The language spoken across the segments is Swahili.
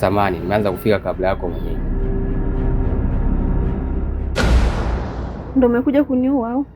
Samani, nimeanza kufika kabla yako mwenyewe. Ndio umekuja kuniua au?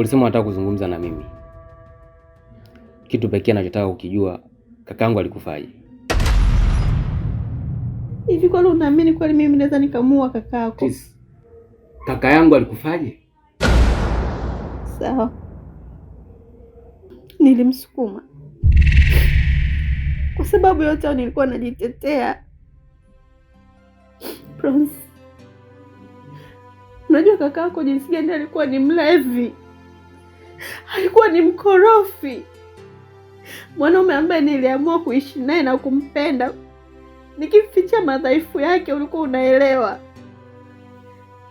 Ulisema unataka kuzungumza na mimi. Kitu pekee anachotaka kukijua kakaangu alikufaje. Hivi kwani unaamini kweli mimi naweza nikamua kakaako? Kaka yangu alikufaje? Sawa, nilimsukuma kwa sababu yote au nilikuwa najitetea. Unajua kakaako jinsi gani alikuwa ni mlevi alikuwa ni mkorofi, mwanaume ambaye niliamua kuishi naye na kumpenda nikificha madhaifu yake. Ulikuwa unaelewa?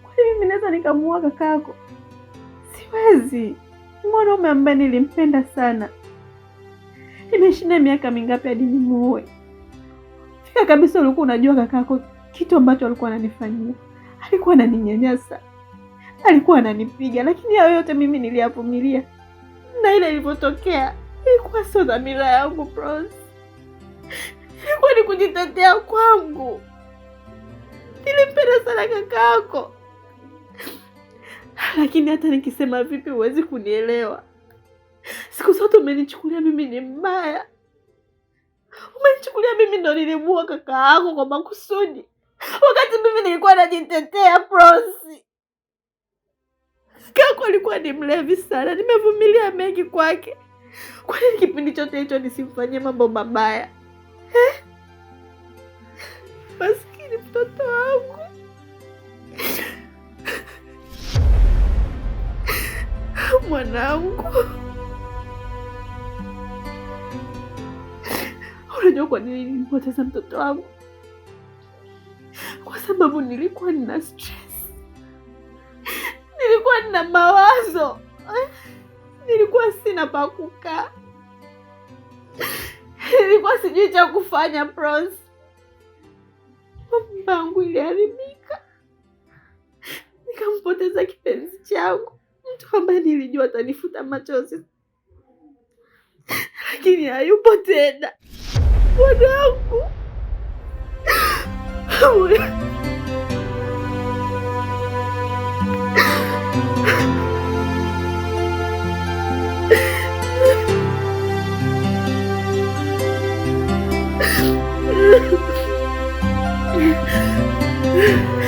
Kwa hiyo mimi naweza nikamuua kakako? Siwezi. Mwanaume ambaye nilimpenda sana, nimeishi naye miaka mingapi hadi nimuue? Fika kabisa, ulikuwa unajua kakako kitu ambacho alikuwa ananifanyia? Alikuwa ananinyanyasa alikuwa ananipiga, lakini hayo yote mimi niliyavumilia, na ile ilivyotokea ilikuwa sio dhamira yangu bros, ilikuwa ni kujitetea kwangu. Nilimpenda sana kakaako, lakini hata nikisema vipi huwezi kunielewa. Siku zote umenichukulia mimi ni mbaya, umenichukulia mimi ndo nilimuua kakaako kwa makusudi, wakati mimi nilikuwa najitetea Prosi kaka yako alikuwa ni mlevi sana, nimevumilia mengi kwake. Kwa nini kipindi chote hicho nisimfanyie mambo mabaya eh? Maskini mtoto wangu. Mwanangu, unajua kwa nini nilipoteza mtoto wangu? Kwa sababu nilikuwa nina stress na mawazo, nilikuwa sina pa kukaa, nilikuwa sijui cha kufanya. Pros, mama yangu iliharibika, nikampoteza kipenzi changu, mtu ambaye nilijua atanifuta machozi, lakini hayupo tena. mwanangu. 嗯。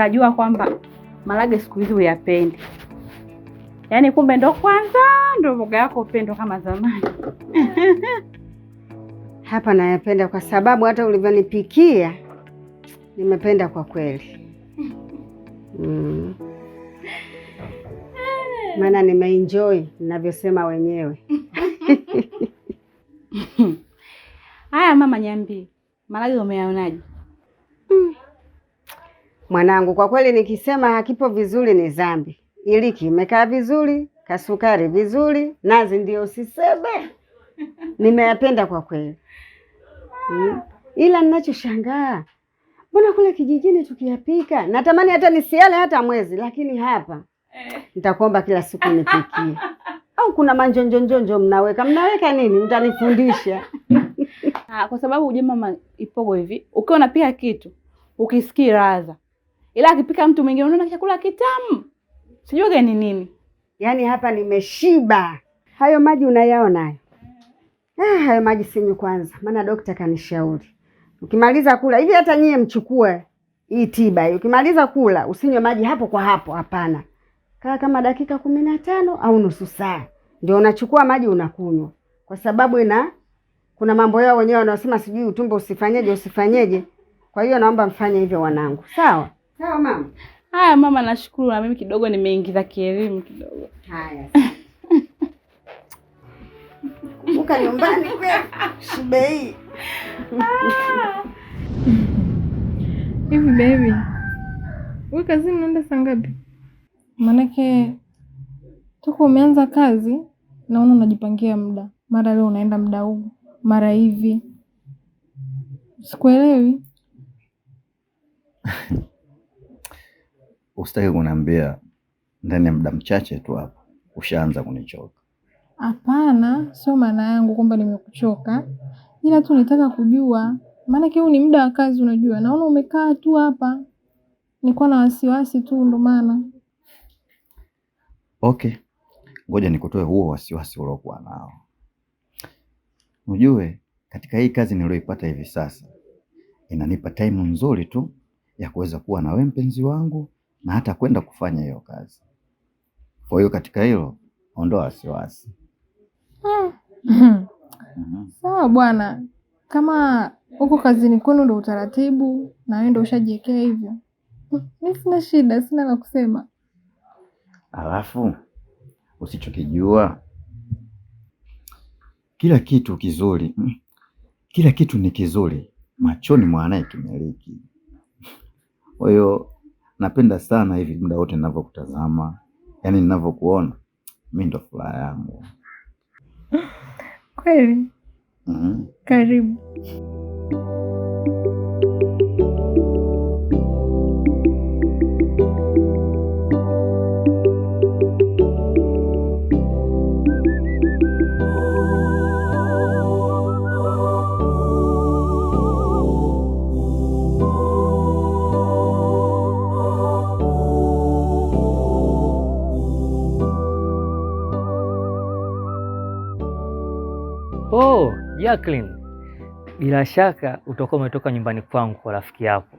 nikajua kwamba marage siku hizi uyapendi. Yaani kumbe ndo kwanza ndo mboga yako upendo kama zamani. Hapa nayapenda kwa sababu hata ulivyonipikia nimependa kwa kweli. Mm. Maana nimeenjoy ninavyosema wenyewe. Haya mama, niambie marage umeyaonaje? Mwanangu, kwa kweli nikisema hakipo vizuri ni dhambi. ili kimekaa vizuri, kasukari vizuri, nazi ndio usisebe. Nimeyapenda kwa kweli hmm. Ila ninachoshangaa mbona kule kijijini tukiyapika natamani hata nisiale hata mwezi, lakini hapa eh. nitakuomba kila siku nipikie. Au kuna manjonjonjonjo mnaweka mnaweka nini? Mtanifundisha ah, kwa sababu ujema mama Ipogo, hivi ukiwa pia kitu ukisikia radha ila akipika mtu mwingine unaona chakula kitamu, sijui ni nini. Yaani hapa nimeshiba. Hayo maji unayaona hayo? Ah, hayo maji sinywi kwanza, maana dokta kanishauri ukimaliza kula hivi, hata nyie mchukue hii tiba hii, ukimaliza kula usinywe maji hapo kwa hapo. Hapana, kaa kama dakika kumi na tano au nusu saa, ndio unachukua maji unakunywa, kwa sababu ina kuna mambo yao wenyewe wanaosema sijui utumbo usifanyeje usifanyeje. Kwa hiyo naomba mfanye hivyo wanangu, sawa? Sawa mama. Haya mama, nashukuru na mimi kidogo nimeingiza kielimu kidogo. Haya. Kumbuka nyumbani kweli. Shibei. Hivi baby. Wewe kazini unaenda saa ngapi? Maanake toka umeanza kazi naona unajipangia muda, mara leo unaenda muda huu, mara hivi, sikuelewi. Usitaki kuniambia ndani ya muda mchache tu hapo ushaanza kunichoka? Hapana, sio maana yangu kwamba nimekuchoka, ila tu nitaka kujua, maanake huu ni muda wa kazi. Unajua, naona umekaa tu hapa, nilikuwa na wasiwasi tu, ndo maana. Okay, ngoja nikutoe huo wasiwasi uliokuwa nao. Ujue katika hii kazi niliyoipata hivi sasa inanipa taimu nzuri tu ya kuweza kuwa na wewe mpenzi wangu na hata kwenda kufanya hiyo kazi. Kwa hiyo katika hilo ondoa wasiwasi. hmm. mm -hmm. Sawa bwana, kama huko kazini kwenu ndo utaratibu na wewe ndo ushajiwekea hivyo, mi sina shida, sina la kusema. Alafu usichokijua kila kitu kizuri, kila kitu ni kizuri machoni mwa kimiliki. Kwa hiyo napenda sana hivi, muda wote ninavyokutazama, yani ninavyokuona, mi ndo furaha yangu kweli. mm -hmm. Karibu. Jacqueline, bila shaka utakuwa umetoka nyumbani kwangu kwa rafiki yako.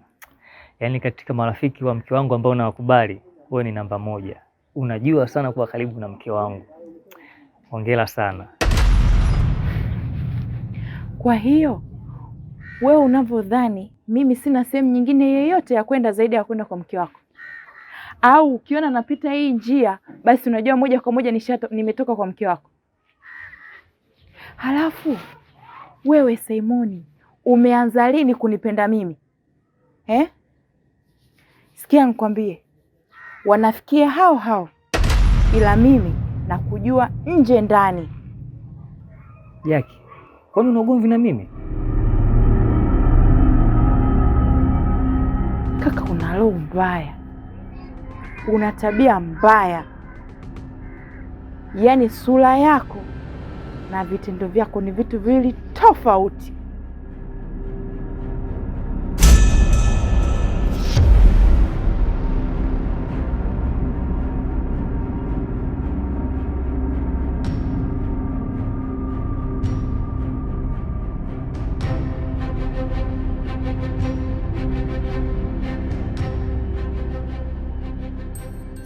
Yaani katika marafiki wa mke wangu ambao nawakubali, wewe ni namba moja. Unajua sana kuwa karibu na mke wangu. Hongera sana. Kwa hiyo wewe unavyodhani mimi sina sehemu nyingine yeyote ya kwenda zaidi ya kwenda kwa mke wako? Au ukiona napita hii njia, basi unajua moja kwa moja nimetoka kwa mke wako. Halafu wewe Simoni, umeanza lini kunipenda mimi eh? Sikia nikwambie, wanafikia hao hao, ila mimi nakujua nje ndani. Jaki, kwani una ugomvi na mimi kaka? Una roho mbaya, una tabia mbaya, yaani sura yako na vitendo vyako ni vitu viwili tofauti.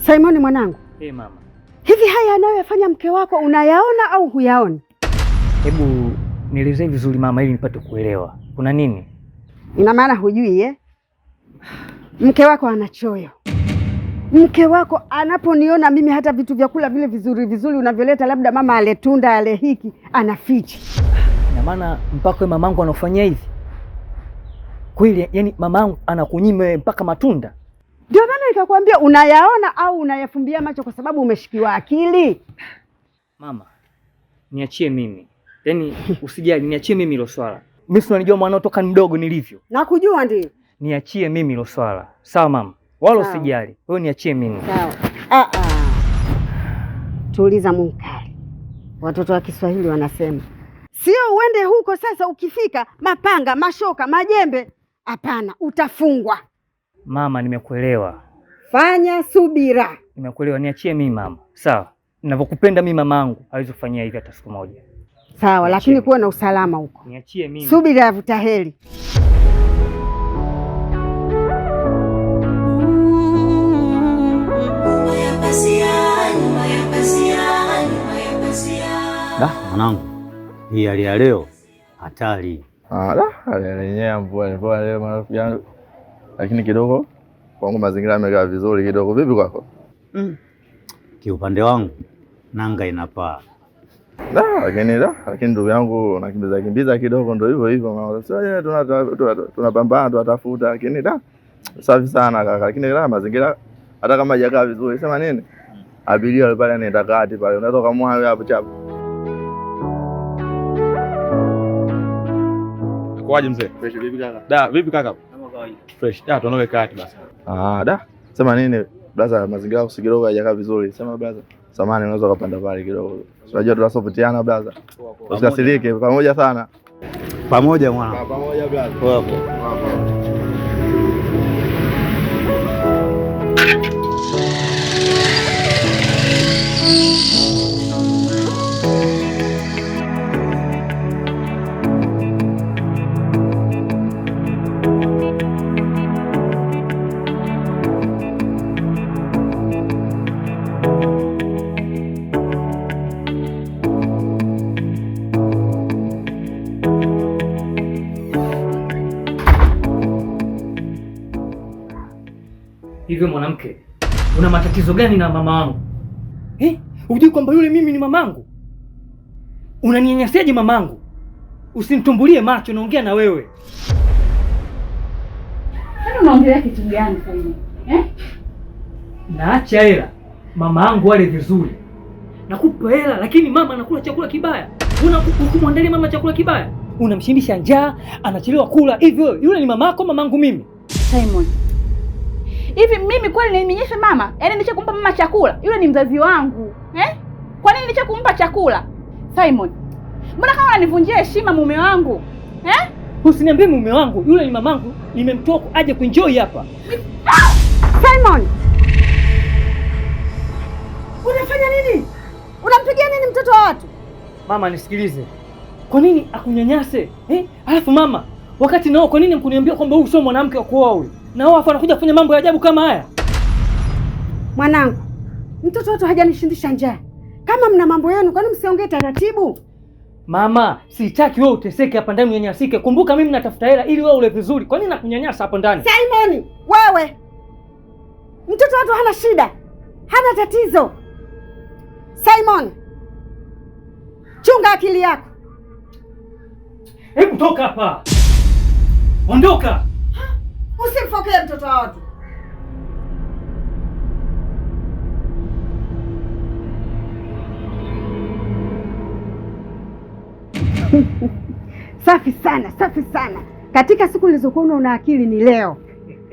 Simoni mwanangu. Hey, mama. Hivi haya anayoyafanya mke wako unayaona au huyaona Hebu nielezee vizuri mama, ili nipate kuelewa kuna nini. Ina maana hujui eh? Mke wako anachoyo Mke wako anaponiona mimi hata vitu vya kula vile vizuri vizuri unavyoleta, labda mama ale tunda ale hiki, anafichi. Ina maana mpaka mamangu anafanya hivi kweli? Yani mamangu anakunyima mpaka matunda? Ndio maana nikakwambia unayaona au unayafumbia macho, kwa sababu umeshikiwa akili. Mama niachie mimi Yaani usijali, niachie mimi hilo swala. Mimi si unanijua mwanao toka mdogo nilivyo. Nakujua ndio. Niachie mimi hilo swala. Sawa mama. Wala usijali. Wewe niachie mimi. Sawa. Ah ah. Tuuliza munkari. Watoto wa Kiswahili wanasema sio uende huko sasa, ukifika mapanga, mashoka, majembe. Hapana, utafungwa. Mama, nimekuelewa. Fanya subira. Nimekuelewa, niachie mimi mama. Sawa. Ninavyokupenda mimi mamangu, hawezi kufanyia hivi hata siku moja. Sawa, lakini kuwe na usalama huko. Niachie mimi. Subiri avuta heri. Mwanangu, hii hali ya leo hatari ah, lenyewe. Mvua ilikuwa leo marafiki yangu, lakini kidogo kwangu mazingira yamekaa vizuri kidogo. Vipi kwako? Mm. Kiupande wangu nanga inapaa lakini da, lakini ndugu yangu nakimbiza kimbiza kidogo, ndio hivyo hivyo Sasa so, yeye tunapambana, tunatafuta, lakini da safi sana kaka, lakini la mazingira hata kama hajakaa vizuri, sema nini mm. abiria pale anaenda kati pale, unaweza ukamwayo hapo chapo. Kwaje mzee? Fresh vipi kaka? Da, vipi kaka? Kama kawaida. Fresh. Da, tunaweka kati basi. Ah, da. Sema nini? Brother, mazingira yako kidogo hajakaa vizuri. Sema brother samani, unaweza ukapanda pale kidogo, unajua tunasopotiana brother, usikasirike. Pamoja sana, pamoja mwana, pamoja blaza, wapo Hivyo mwanamke, una matatizo gani na mama wangu eh? Hujui kwamba yule mimi ni mamangu? Unaninyanyasaje mamangu? Usimtumbulie macho, naongea na wewe. Unaongelea kitu gani eh? Naacha hela mama yangu wale vizuri, nakupa hela, lakini mama anakula chakula kibaya. kumwandalia mama chakula kibaya, unamshindisha njaa, anachelewa kula. Hivyo yule ni mamako, mamangu mimi Simon. Hivi mimi kweli nimnyeshe mama? Yaani nilisha kumpa mama chakula? Yule ni mzazi wangu eh? Kwa nini nilisha kumpa chakula? Simon, mbona kama unanivunjia heshima mume wangu eh? Usiniambie mume wangu, yule ni mamangu, nimemtoa aje kuenjoy hapa. Simon, unafanya nini? Unampigia nini mtoto wa watu? Mama nisikilize, kwa nini akunyanyase eh? Alafu mama, wakati nao, kwa nini mkuniambia kwamba huyu sio mwanamke wa kuoa huyu? na wao wanakuja kufanya mambo ya ajabu kama haya. Mwanangu, mtoto wetu hajanishindisha njaa. Kama mna mambo yenu, kwani msiongee taratibu? Mama, sitaki wewe uteseke hapa ndani unyanyasike. Kumbuka mimi natafuta hela ili wewe ule vizuri. Kwa nini nakunyanyasa hapo ndani? Simon, wewe mtoto wetu hana shida, hana tatizo. Simon, chunga akili yako. Hebu toka hapa, ondoka. Usimfokee mtoto wa watu. Safi sana, safi sana. Katika siku nilizokuona una akili ni leo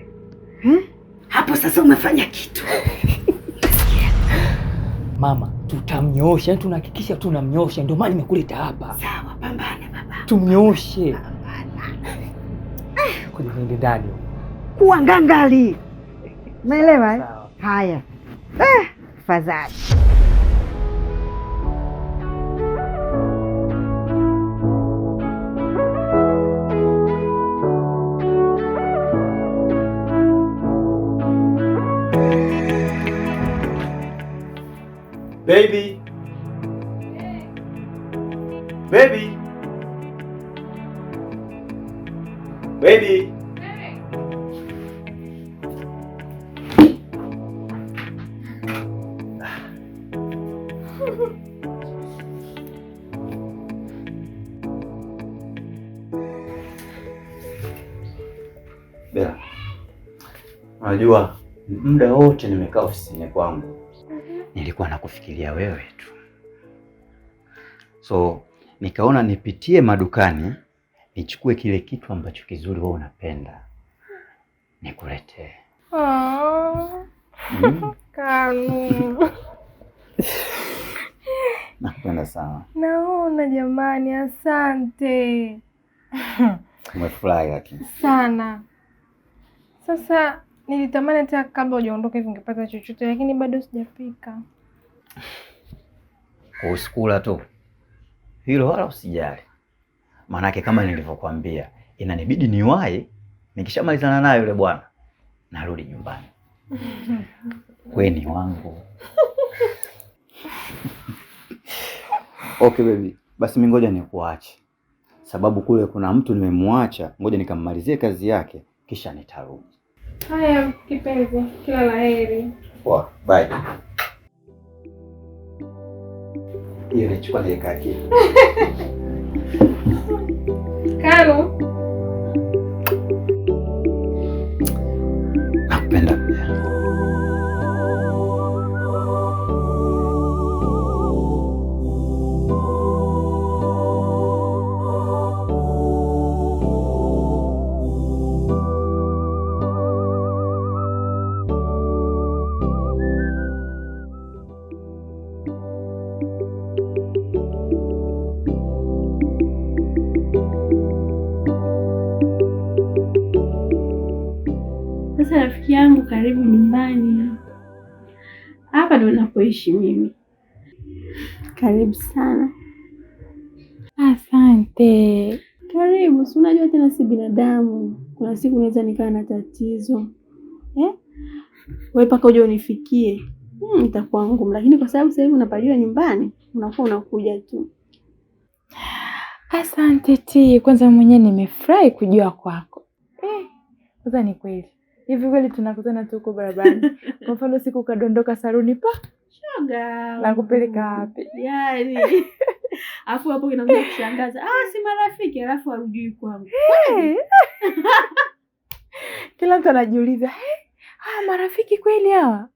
eh? Hapo sasa umefanya kitu mama, tutamnyoosha, yaani tunahakikisha tunamnyoosha. Ndio maana nimekuleta hapa. Sawa, pambana baba, tumnyooshe. Pambana. Kwenye ndani kuwa ngangali, umeelewa eh? Haya eh, fadhali à. Baby. Baby. Baby. Bela, unajua muda wote nimekaa ofisini kwangu mhm. nilikuwa nakufikiria wewe tu, so nikaona nipitie madukani nichukue kile kitu ambacho kizuri wewe unapenda nikuletee. Oh. Mm. Kanu. Nakupenda sana. Naona jamani, asante. Umefurahi lakini sana sasa nilitamani hata kabla hujaondoka hivi ningepata chochote, lakini bado sijapika. Usikula tu hilo, wala usijali, maanake kama nilivyokuambia inanibidi niwahi. Nikishamalizana naye yule bwana narudi nyumbani. Kweni wangu. Okay baby, basi mi ngoja nikuache, sababu kule kuna mtu nimemwacha, ngoja nikammalizie kazi yake kisha nitarudi. Haya kipenzi, kila la heri. Poa, bye. Hiyo nichukua niweka Karo kuishi mimi. Karibu sana. Asante. Karibu. Si unajua tena, si binadamu, kuna siku naweza nikawa na tatizo eh? Wewe mpaka uje unifikie, hmm, itakuwa ngumu, lakini kwa sababu sasa hivi unapajua nyumbani, unakuwa unakuja tu. Asante ti kwanza mwenyewe nimefurahi kujua kwako. Eh, kwanza ni kweli hivi, kweli tunakutana tu huko barabarani, kwa mfano siku ukadondoka saruni pa shoga, nakupeleka wapi? Yani afu hapo kinakuja kushangaza, ah, si marafiki, alafu harujui kwangu. Kila mtu anajiuliza ah, marafiki kweli hawa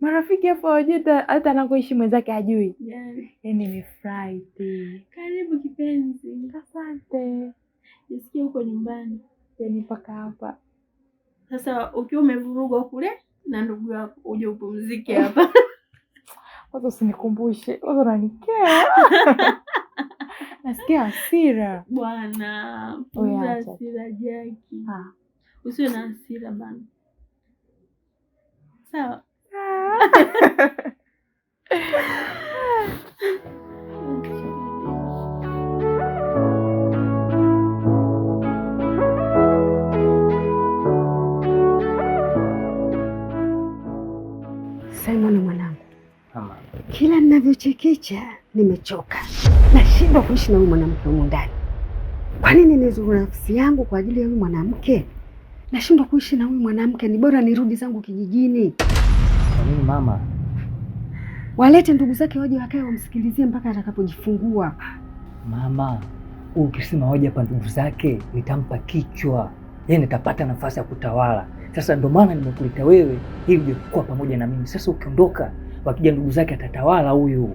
marafiki hapo hawajui hata anakoishi mwenzake hajui. Yaani nimefurahi. Yaani Karibu kipenzi. Asante. Nisikie huko nyumbani. Yaani mpaka hapa sasa, ukiwa umevurugwa kule na ndugu yako, uje upumzike hapa. Waza usinikumbushe, waza unanikera. Nasikia hasira bwana, punguza hasira Jaki, usiwe na hasira bana, sawa? Simon kila ninavyochekecha nimechoka, nashindwa kuishi na huyu mwanamke humu ndani. Kwa nini nizuru nafsi yangu kwa ajili ya huyu mwanamke? Nashindwa kuishi na huyu mwanamke, ni bora nirudi zangu kijijini. Kwa nini mama? Walete ndugu zake waje wakae wamsikilizie mpaka atakapojifungua Mama, ukisema waje hapa ndugu zake nitampa kichwa, yeye nitapata nafasi ya kutawala. Sasa ndio maana nimekuleta wewe ili uje pamoja na mimi. Sasa ukiondoka wakija ndugu zake atatawala huyu.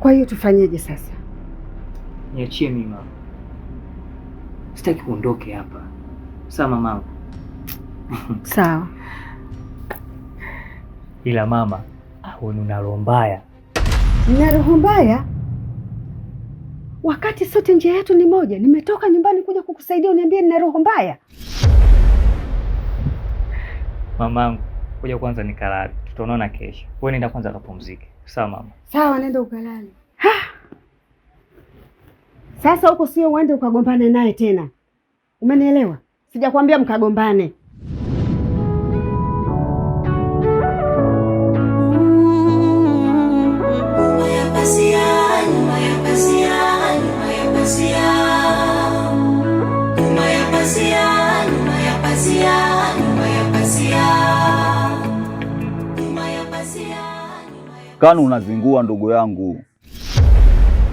Kwa hiyo tufanyeje sasa? Niachie mimi mama, sitaki kuondoke hapa. Sawa mamangu. Sawa. Ila mama, au nina roho mbaya? Nina roho mbaya wakati sote njia yetu ni moja. Nimetoka nyumbani kuja kukusaidia, uniambie nina roho mbaya mamangu? Kuja kwanza nikalale, tutaonana kesho. Wewe nenda kwanza kapumzike, sawa mama? Sawa, nenda ukalale. Sasa huko sio uende ukagombane naye tena, umenielewa? Sijakwambia mkagombane. Kanu unazingua ndugu yangu,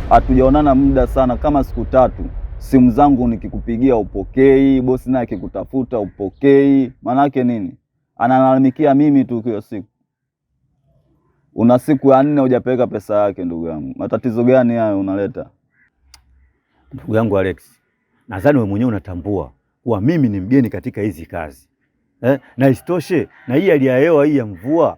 hatujaonana muda sana, kama siku tatu. Simu zangu nikikupigia upokei, bosi naye akikutafuta upokei. Maanake nini? Analalamikia mimi tu kila siku. Una siku ya nne hujapeleka pesa yake, ndugu yangu. Matatizo gani hayo unaleta? Ndugu yangu Alex, nadhani wewe mwenyewe unatambua kuwa mimi ni mgeni katika hizi kazi eh? na isitoshe na hii hali ya hewa hii ya mvua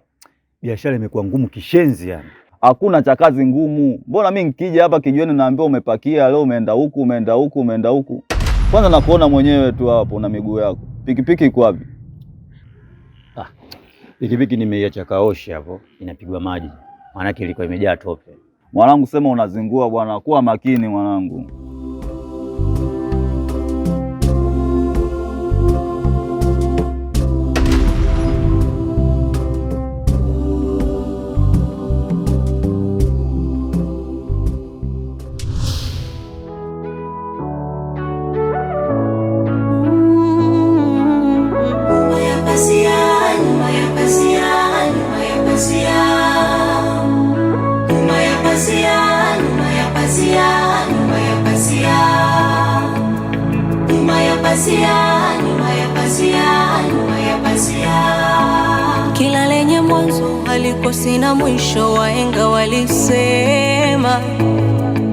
biashara imekuwa ngumu kishenzi yani. Hakuna cha kazi ngumu. Mbona mimi nikija hapa kijiweni naambiwa umepakia leo, umeenda huku, umeenda huku, umeenda huku. Kwanza nakuona mwenyewe tu hapo na miguu yako. Pikipiki iko wapi? Ah. Pikipiki nimeiacha kaoshi hapo, inapigwa maji. Maana ilikuwa imejaa tope. Mwanangu, sema unazingua bwana, kuwa makini mwanangu.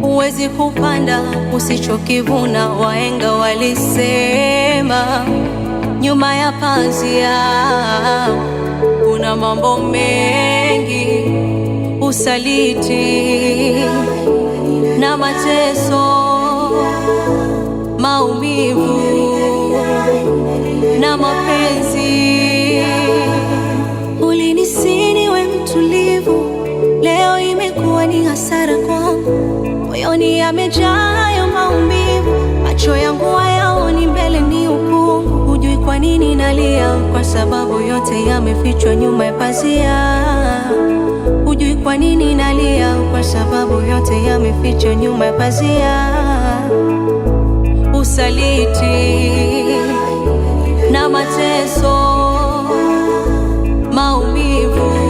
huwezi kupanda usichokivuna. waenga walisema nyuma ya pazia kuna mambo mengi, usaliti na mateso, maumivu na mapenzi ulinisini moyoni yamejaa hayo maumivu, macho yangu hayaoni mbele, ni ukungu. Hujui kwa nini nalia, kwa sababu yote yamefichwa nyuma ya pazia. Hujui kwa nini nalia, kwa sababu yote yamefichwa nyuma ya pazia. Usaliti na mateso, maumivu